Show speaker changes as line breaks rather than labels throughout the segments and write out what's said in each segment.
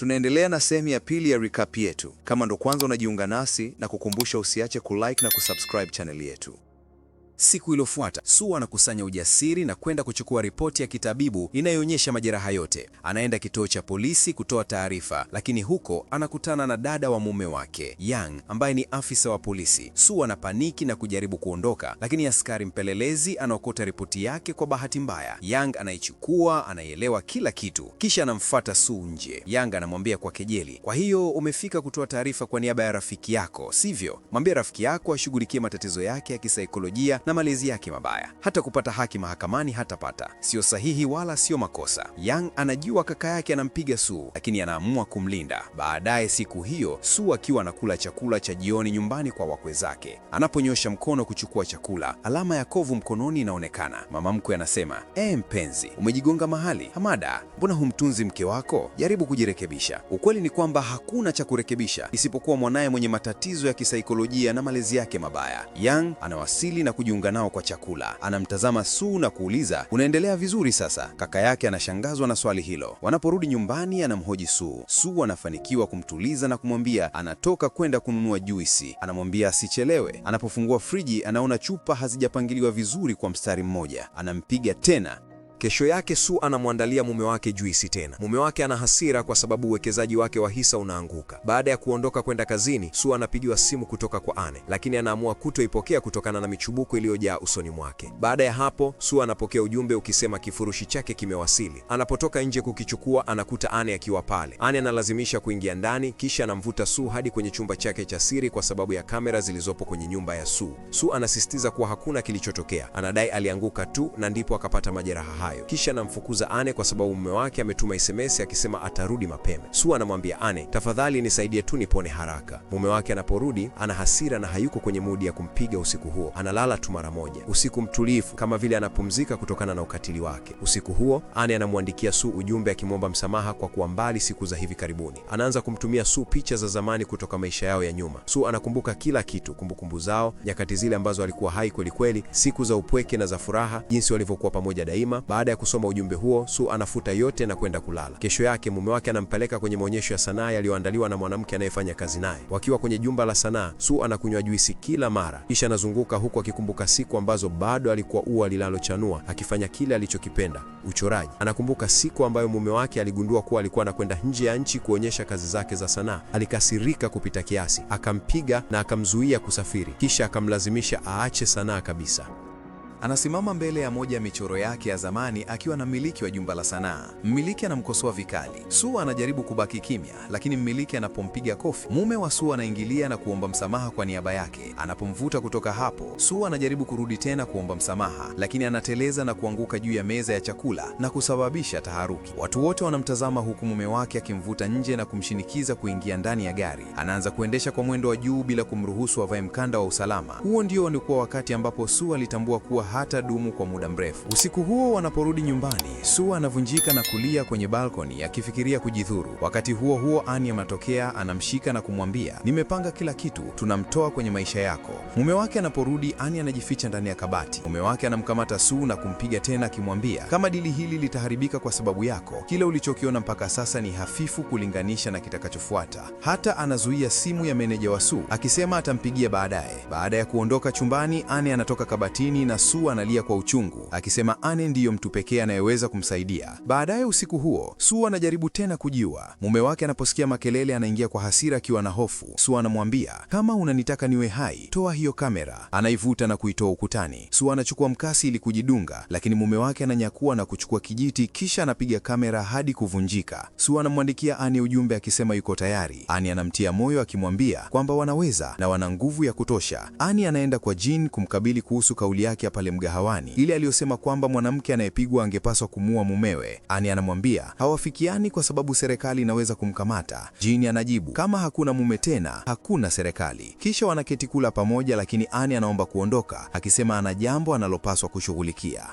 Tunaendelea na sehemu ya pili ya recap yetu. Kama ndo kwanza unajiunga nasi, na kukumbusha usiache kulike na kusubscribe chaneli yetu. Siku iliyofuata Sue anakusanya ujasiri na kwenda kuchukua ripoti ya kitabibu inayoonyesha majeraha yote. Anaenda kituo cha polisi kutoa taarifa, lakini huko anakutana na dada wa mume wake Yang ambaye ni afisa wa polisi. Sue anapaniki na kujaribu kuondoka, lakini askari mpelelezi anaokota ripoti yake kwa bahati mbaya. Yang anaichukua, anaielewa kila kitu, kisha anamfuata Sue nje. Yang anamwambia kwa kejeli, kwa hiyo umefika kutoa taarifa kwa niaba ya rafiki yako, sivyo? Mwambie rafiki yako ashughulikie matatizo yake ya kisaikolojia na malezi yake mabaya. Hata kupata haki mahakamani hatapata, sio sahihi wala sio makosa. Yang anajua kaka yake anampiga Su, lakini anaamua kumlinda. Baadaye siku hiyo, Su akiwa anakula chakula cha jioni nyumbani kwa wakwe zake, anaponyosha mkono kuchukua chakula, alama ya kovu mkononi inaonekana. Mama mkwe anasema, e mpenzi, umejigonga mahali. Hamada, mbona humtunzi mke wako? Jaribu kujirekebisha. Ukweli ni kwamba hakuna cha kurekebisha isipokuwa mwanaye mwenye matatizo ya kisaikolojia na malezi yake mabaya. Yang anawasili na kujiunga kujiunga nao kwa chakula. Anamtazama Sue na kuuliza, unaendelea vizuri sasa? Kaka yake anashangazwa na swali hilo. Wanaporudi nyumbani, anamhoji Sue. Sue anafanikiwa kumtuliza na kumwambia anatoka kwenda kununua juisi. Anamwambia asichelewe. Anapofungua friji, anaona chupa hazijapangiliwa vizuri kwa mstari mmoja. Anampiga tena Kesho yake Su anamwandalia mume wake juisi tena. Mume wake ana hasira kwa sababu uwekezaji wake wa hisa unaanguka. Baada ya kuondoka kwenda kazini, Su anapigiwa simu kutoka kwa Anne, lakini anaamua kutoipokea kutokana na michubuko iliyojaa usoni mwake. Baada ya hapo, Su anapokea ujumbe ukisema kifurushi chake kimewasili. Anapotoka nje kukichukua, anakuta Anne akiwa pale. Anne analazimisha kuingia ndani, kisha anamvuta Su hadi kwenye chumba chake cha siri kwa sababu ya kamera zilizopo kwenye nyumba ya Su. Su anasisitiza kuwa hakuna kilichotokea, anadai alianguka tu na ndipo akapata majeraha hayo, kisha anamfukuza Anne kwa sababu mume wake ametuma SMS akisema atarudi mapema. Sue anamwambia Anne, tafadhali nisaidie tu nipone haraka. Mume wake anaporudi ana hasira na hayuko kwenye mudi ya kumpiga usiku huo, analala tu mara moja. Usiku mtulivu kama vile anapumzika kutokana na ukatili wake. Usiku huo Anne anamwandikia Sue ujumbe akimwomba msamaha kwa kuwa mbali siku za hivi karibuni. Anaanza kumtumia Sue picha za zamani kutoka maisha yao ya nyuma. Sue anakumbuka kila kitu, kumbukumbu zao, nyakati zile ambazo alikuwa hai kwelikweli, siku za upweke na za furaha, jinsi walivyokuwa pamoja daima. Baada ya kusoma ujumbe huo, Su anafuta yote na kwenda kulala. Kesho yake mume wake anampeleka kwenye maonyesho ya sanaa yaliyoandaliwa na mwanamke anayefanya kazi naye. Wakiwa kwenye jumba la sanaa, Su anakunywa juisi kila mara, kisha anazunguka huku akikumbuka siku ambazo bado alikuwa ua linalochanua akifanya kile alichokipenda, uchoraji. Anakumbuka siku ambayo mume wake aligundua kuwa alikuwa anakwenda nje ya nchi kuonyesha kazi zake za sanaa. Alikasirika kupita kiasi, akampiga na akamzuia kusafiri, kisha akamlazimisha aache sanaa kabisa. Anasimama mbele ya moja ya michoro yake ya zamani akiwa na mmiliki wa jumba la sanaa. Mmiliki anamkosoa vikali. Sue anajaribu kubaki kimya, lakini mmiliki anapompiga kofi, mume wa Sue anaingilia na kuomba msamaha kwa niaba yake. Anapomvuta kutoka hapo, Sue anajaribu kurudi tena kuomba msamaha, lakini anateleza na kuanguka juu ya meza ya chakula na kusababisha taharuki. Watu wote wanamtazama huku mume wake akimvuta nje na kumshinikiza kuingia ndani ya gari. Anaanza kuendesha kwa mwendo wa juu bila kumruhusu avae mkanda wa usalama. Huo ndio ulikuwa wakati ambapo Sue alitambua kuwa hatadumu kwa muda mrefu. Usiku huo wanaporudi nyumbani, Sue anavunjika na kulia kwenye balkoni akifikiria kujidhuru. Wakati huo huo, Annie anatokea, anamshika na kumwambia, nimepanga kila kitu, tunamtoa kwenye maisha yako. Mume wake anaporudi, Annie anajificha ndani ya kabati. Mume wake anamkamata Sue na kumpiga tena, akimwambia, kama dili hili litaharibika kwa sababu yako, kile ulichokiona mpaka sasa ni hafifu kulinganisha na kitakachofuata. Hata anazuia simu ya meneja wa Sue akisema atampigia baadaye. Baada ya kuondoka chumbani, Annie anatoka kabatini na Sue Sue analia kwa uchungu akisema Anne ndiyo mtu pekee anayeweza kumsaidia. Baadaye usiku huo, Sue anajaribu tena kujiua. Mume wake anaposikia makelele, anaingia kwa hasira akiwa na hofu. Sue anamwambia, kama unanitaka niwe hai, toa hiyo kamera. Anaivuta na kuitoa ukutani. Sue anachukua mkasi ili kujidunga, lakini mume wake ananyakua na kuchukua kijiti, kisha anapiga kamera hadi kuvunjika. Sue anamwandikia Anne ujumbe akisema yuko tayari. Anne anamtia moyo akimwambia kwamba wanaweza na wana nguvu ya kutosha. Anne anaenda kwa Jean kumkabili kuhusu kauli yake pale pale mgahawani, ile aliyosema kwamba mwanamke anayepigwa angepaswa kumua mumewe. Ani anamwambia hawafikiani kwa sababu serikali inaweza kumkamata. Jini anajibu kama hakuna mume tena hakuna serikali. Kisha wanaketi kula pamoja, lakini Ani anaomba kuondoka akisema ana jambo analopaswa kushughulikia.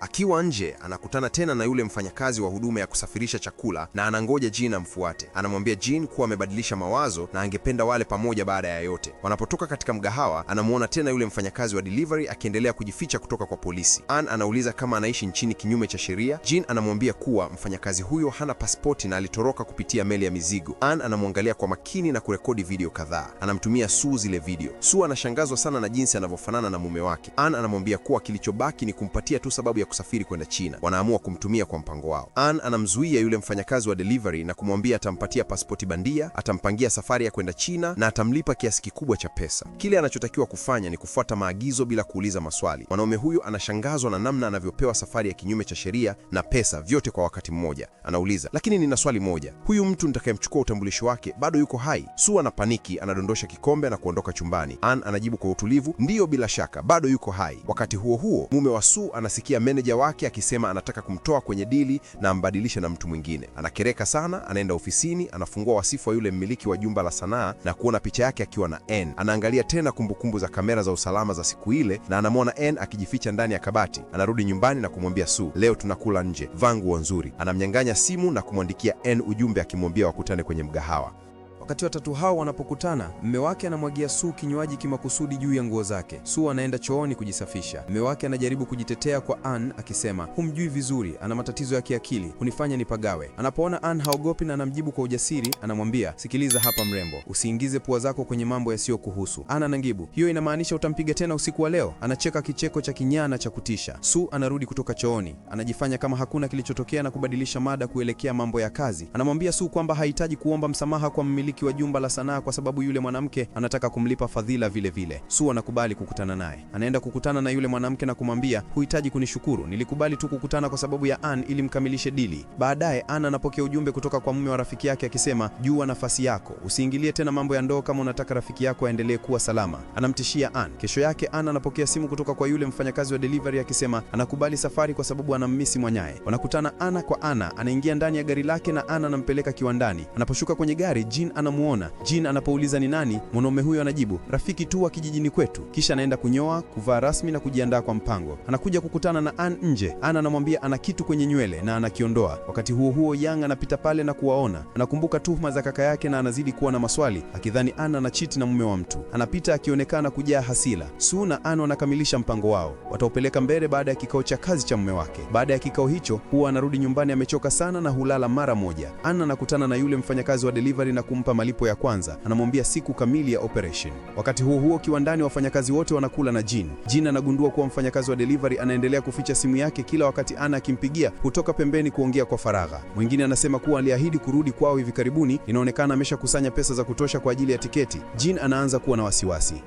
Akiwa nje anakutana tena na yule mfanyakazi wa huduma ya kusafirisha chakula na anangoja Jean amfuate. Anamwambia Jean kuwa amebadilisha mawazo na angependa wale pamoja baada ya yote. Wanapotoka katika mgahawa, anamwona tena yule mfanyakazi wa delivery akiendelea kujificha kutoka kwa polisi. Ann anauliza kama anaishi nchini kinyume cha sheria. Jean anamwambia kuwa mfanyakazi huyo hana pasipoti na alitoroka kupitia meli ya mizigo. Ann anamwangalia kwa makini na kurekodi video kadhaa. Anamtumia Sue zile video. Sue anashangazwa sana na jinsi anavyofanana na mume wake. Ann anamwambia kuwa kilichobaki ni kumpatia tu sababu ya ya kusafiri kwenda China, wanaamua kumtumia kwa mpango wao. Ann anamzuia yule mfanyakazi wa delivery na kumwambia atampatia pasipoti bandia, atampangia safari ya kwenda China na atamlipa kiasi kikubwa cha pesa. Kile anachotakiwa kufanya ni kufuata maagizo bila kuuliza maswali. Mwanaume huyu anashangazwa na namna anavyopewa safari ya kinyume cha sheria na pesa vyote kwa wakati mmoja. Anauliza, lakini nina swali moja, huyu mtu nitakayemchukua utambulisho wake bado yuko hai? Su ana paniki, anadondosha kikombe na kuondoka chumbani. Ann anajibu kwa utulivu, ndiyo, bila shaka bado yuko hai. Wakati huo huo, mume wa Su anasikia meneja wake akisema anataka kumtoa kwenye dili na ambadilishe na mtu mwingine. Anakereka sana, anaenda ofisini, anafungua wasifu wa yule mmiliki wa jumba la sanaa na kuona picha yake akiwa na N. Anaangalia tena kumbukumbu za kamera za usalama za siku ile na anamwona N akijificha ndani ya kabati. Anarudi nyumbani na kumwambia Su, leo tunakula nje, vaa nguo nzuri. Anamnyang'anya simu na kumwandikia N ujumbe akimwambia wakutane kwenye mgahawa. Wakati watatu hao wanapokutana, mme wake anamwagia Su kinywaji kimakusudi juu ya nguo zake. Su anaenda chooni kujisafisha. Mme wake anajaribu kujitetea kwa Ann akisema, humjui vizuri, ana matatizo ya kiakili, hunifanya nipagawe. Anapoona Ann haogopi na anamjibu kwa ujasiri, anamwambia, sikiliza hapa mrembo, usiingize pua zako kwenye mambo yasiyokuhusu. Ann anangibu, hiyo inamaanisha utampiga tena usiku wa leo? Anacheka kicheko cha kinyana cha kutisha. Su anarudi kutoka chooni, anajifanya kama hakuna kilichotokea na kubadilisha mada kuelekea mambo ya kazi. Anamwambia Su kwamba hahitaji kuomba msamaha kwa mmiliki wa jumba la sanaa kwa sababu yule mwanamke anataka kumlipa fadhila vile vile. Su anakubali kukutana naye, anaenda kukutana na yule mwanamke na kumwambia, huhitaji kunishukuru, nilikubali tu kukutana kwa sababu ya Ann ili mkamilishe dili. Baadaye Ann anapokea ujumbe kutoka kwa mume wa rafiki yake akisema, jua nafasi yako, usiingilie tena mambo ya ndoa kama unataka rafiki yako aendelee kuwa salama. Anamtishia Ann. Kesho yake Ann anapokea simu kutoka kwa yule mfanyakazi wa delivery akisema anakubali safari kwa sababu anammisi mwanyaye. Wanakutana ana kwa ana, anaingia ndani ya gari lake na Ann anampeleka kiwandani. Anaposhuka kwenye gari Jean anamuona Jin. Anapouliza ni nani, mwanaume huyo anajibu rafiki tu wa kijijini kwetu. Kisha anaenda kunyoa, kuvaa rasmi na kujiandaa kwa mpango. Anakuja kukutana na An nje. An anamwambia ana kitu kwenye nywele na anakiondoa. Wakati huo huo, Yang anapita pale na kuwaona. Anakumbuka tuhuma za kaka yake na anazidi kuwa na maswali, akidhani An chiti na mume wa mtu. Anapita akionekana kujaa hasila. Su na An wanakamilisha mpango wao, wataupeleka mbele baada ya kikao cha kazi cha mume wake. Baada ya kikao hicho, huwa anarudi nyumbani amechoka sana na hulala mara moja. An anakutana na yule mfanyakazi wa delivery na kumpa malipo ya kwanza, anamwambia siku kamili ya operation. Wakati huo huo, kiwandani wafanyakazi wote wanakula na Jean. Jean anagundua kuwa mfanyakazi wa delivery anaendelea kuficha simu yake, kila wakati Ana akimpigia hutoka pembeni kuongea kwa faragha. Mwingine anasema kuwa aliahidi kurudi kwao hivi karibuni, inaonekana ameshakusanya pesa za kutosha kwa ajili ya tiketi. Jean anaanza kuwa na wasiwasi.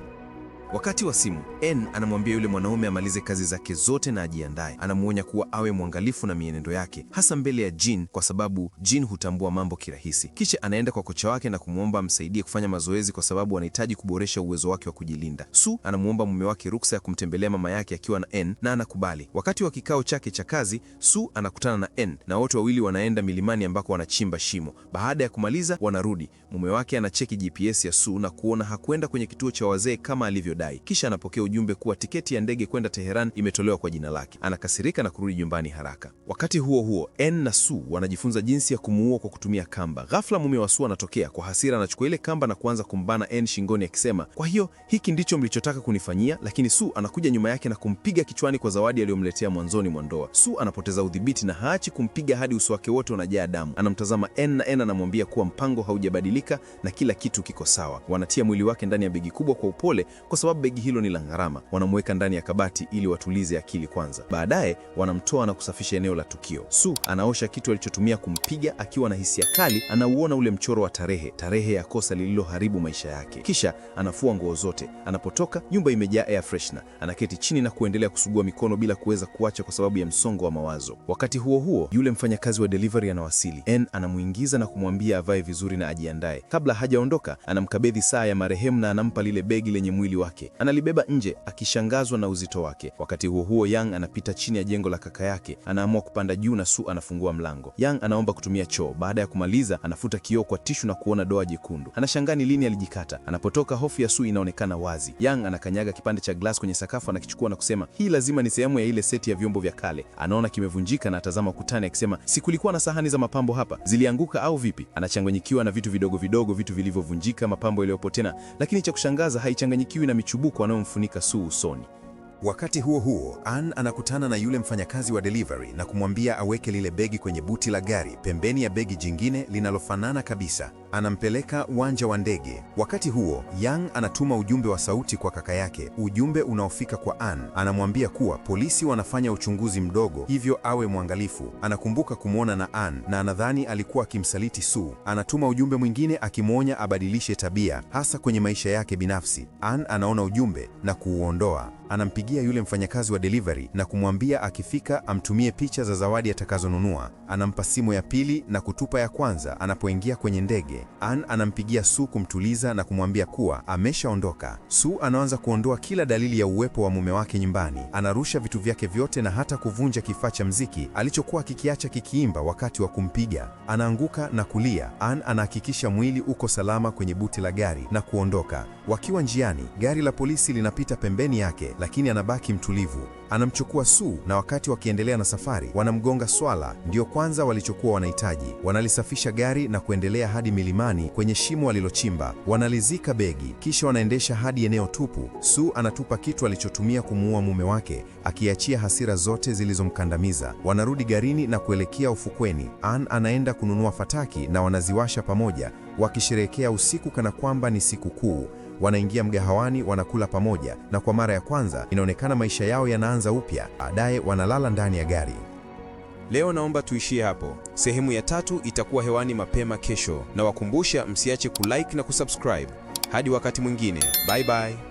Wakati wa simu, N anamwambia yule mwanaume amalize kazi zake zote na ajiandae. Anamwonya kuwa awe mwangalifu na mienendo yake, hasa mbele ya Jin kwa sababu Jin hutambua mambo kirahisi. Kisha anaenda kwa kocha wake na kumwomba amsaidie kufanya mazoezi kwa sababu anahitaji kuboresha uwezo wake wa kujilinda. Su anamwomba mume wake ruksa ya kumtembelea mama yake akiwa na N na anakubali. Wakati wa kikao chake cha kazi, Su anakutana na N na wote wawili wanaenda milimani ambako wanachimba shimo. Baada ya kumaliza, wanarudi. Mume wake anacheki GPS ya Su na kuona hakwenda kwenye kituo cha wazee kama alivyo baadaye. kisha anapokea ujumbe kuwa tiketi ya ndege kwenda Teheran imetolewa kwa jina lake. Anakasirika na kurudi nyumbani haraka. Wakati huo huo, N na Su wanajifunza jinsi ya kumuua kwa kutumia kamba. Ghafla mume wa Su anatokea kwa hasira, anachukua ile kamba na kuanza kumbana N shingoni akisema, kwa hiyo hiki ndicho mlichotaka kunifanyia? Lakini Su anakuja nyuma yake na kumpiga kichwani kwa zawadi aliyomletea mwanzoni mwa ndoa. Su anapoteza udhibiti na haachi kumpiga hadi uso wake wote unajaa damu. Anamtazama N na N anamwambia kuwa mpango haujabadilika na kila kitu kiko sawa. Wanatia mwili wake ndani ya begi kubwa kwa upole kwa sababu sababu begi hilo ni la gharama, wanamweka ndani ya kabati ili watulize akili kwanza. Baadaye wanamtoa na kusafisha eneo la tukio. Su anaosha kitu alichotumia kumpiga. Akiwa na hisia kali, anauona ule mchoro wa tarehe, tarehe ya kosa lililoharibu maisha yake. Kisha anafua nguo zote. Anapotoka, nyumba imejaa air freshener. Anaketi chini na kuendelea kusugua mikono bila kuweza kuacha kwa sababu ya msongo wa mawazo. Wakati huo huo, yule mfanyakazi wa delivery anawasili. N anamuingiza na kumwambia avae vizuri na ajiandae. Kabla hajaondoka, anamkabidhi saa ya marehemu na anampa lile begi lenye mwili wake yake. Analibeba nje akishangazwa na uzito wake. Wakati huo huo, Yang anapita chini ya jengo la kaka yake, anaamua kupanda juu na Su anafungua mlango. Yang anaomba kutumia choo. Baada ya kumaliza, anafuta kioo kwa tishu na kuona doa jekundu. Anashangaa ni lini alijikata. Anapotoka, hofu ya Su inaonekana wazi. Yang anakanyaga kipande cha glass kwenye sakafu, anakichukua na kusema hii lazima ni sehemu ya ile seti ya vyombo vya kale. Anaona kimevunjika na atazama ukutani akisema, si kulikuwa na sahani za mapambo hapa? Zilianguka au vipi? Anachanganyikiwa na vitu vidogo vidogo, vitu vilivyovunjika, mapambo yaliyopotea, lakini cha kushangaza haichanganyikiwi na machubuko anayomfunika Sue usoni. Wakati huo huo, Ann anakutana na yule mfanyakazi wa delivery na kumwambia aweke lile begi kwenye buti la gari pembeni ya begi jingine linalofanana kabisa anampeleka uwanja wa ndege. Wakati huo, Yang anatuma ujumbe wa sauti kwa kaka yake, ujumbe unaofika kwa An. Anamwambia kuwa polisi wanafanya uchunguzi mdogo, hivyo awe mwangalifu. Anakumbuka kumwona na An na anadhani alikuwa akimsaliti Su. Anatuma ujumbe mwingine akimwonya abadilishe tabia, hasa kwenye maisha yake binafsi. An anaona ujumbe na kuuondoa. Anampigia yule mfanyakazi wa delivery na kumwambia akifika amtumie picha za zawadi atakazonunua. Anampa simu ya pili na kutupa ya kwanza anapoingia kwenye ndege. Ann anampigia su kumtuliza na kumwambia kuwa ameshaondoka. su anaanza kuondoa kila dalili ya uwepo wa mume wake nyumbani. Anarusha vitu vyake vyote na hata kuvunja kifaa cha mziki alichokuwa kikiacha kikiimba wakati wa kumpiga. Anaanguka na kulia. Ann anahakikisha mwili uko salama kwenye buti la gari na kuondoka. Wakiwa njiani, gari la polisi linapita pembeni yake, lakini anabaki mtulivu. Anamchukua su na wakati wakiendelea na safari, wanamgonga swala, ndio kwanza walichokuwa wanahitaji. Wanalisafisha gari na kuendelea hadi mili milimani kwenye shimo walilochimba, wanalizika begi, kisha wanaendesha hadi eneo tupu. su anatupa kitu alichotumia kumuua mume wake, akiachia hasira zote zilizomkandamiza. Wanarudi garini na kuelekea ufukweni. an anaenda kununua fataki na wanaziwasha pamoja, wakisherehekea usiku kana kwamba ni siku kuu Wanaingia mgahawani, wanakula pamoja, na kwa mara ya kwanza inaonekana maisha yao yanaanza upya. Baadaye wanalala ndani ya gari. Leo naomba tuishie hapo. Sehemu ya tatu itakuwa hewani mapema kesho, na wakumbusha msiache kulike na kusubscribe. Hadi wakati mwingine, bye bye.